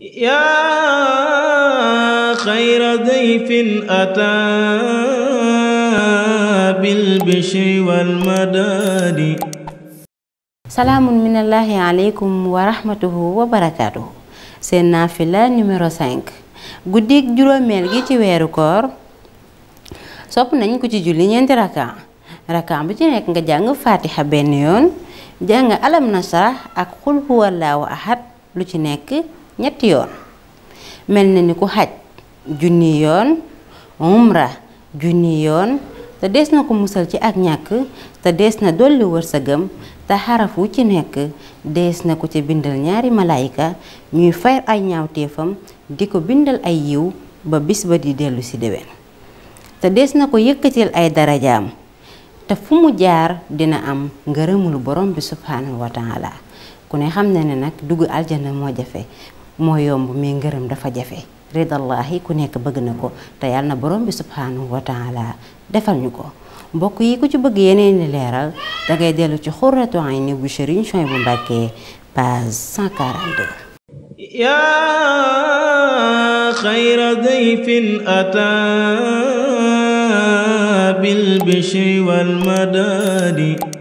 yaa xayra dayfin ataa bil bishri wal madaadi salaamun minallaahi aleykum wa rahmatuhu seen naafila numéro 5 juróomeel gi ci weeru koor sopp nañ ko ci julli ñeenti rakka rakka bu ci nekk nga jàng faatiha benn yoon jàng alam nasrah ak xul huwallaahu ahad lu ci nekk ñetti yoon mel na ni ku xaj junni yoon umra junni yoon te dees na ko musal ci ak ñàkk te dees na dolli wërsëgam te xaraf wu ci nekk dees na ko ci bindal ñaari malaayika ñuy fay ay ñaawteefam di ko bindal ay yiw ba bis ba di dellu ci déwén te dees na ko yëkkatil ay darajaam te fu mu jaar dina am ngërëmul borom bi subhaanahu wa taala ku ne xam na ne nag dugg aljana moo jafe moo yomb mais ngërëm dafa jafe ridallahi ku nekk bëgg na ko te yàlla na borom bi subhanahu wa taala defal ñu ko mbokk yi ku ci bëgg yeneen ni leeral dangay dellu ci xurratu ayni bu Serigne Souhaïbou Mbacké page 142 yaa xayra dayfin ataa bil bishri wal madadi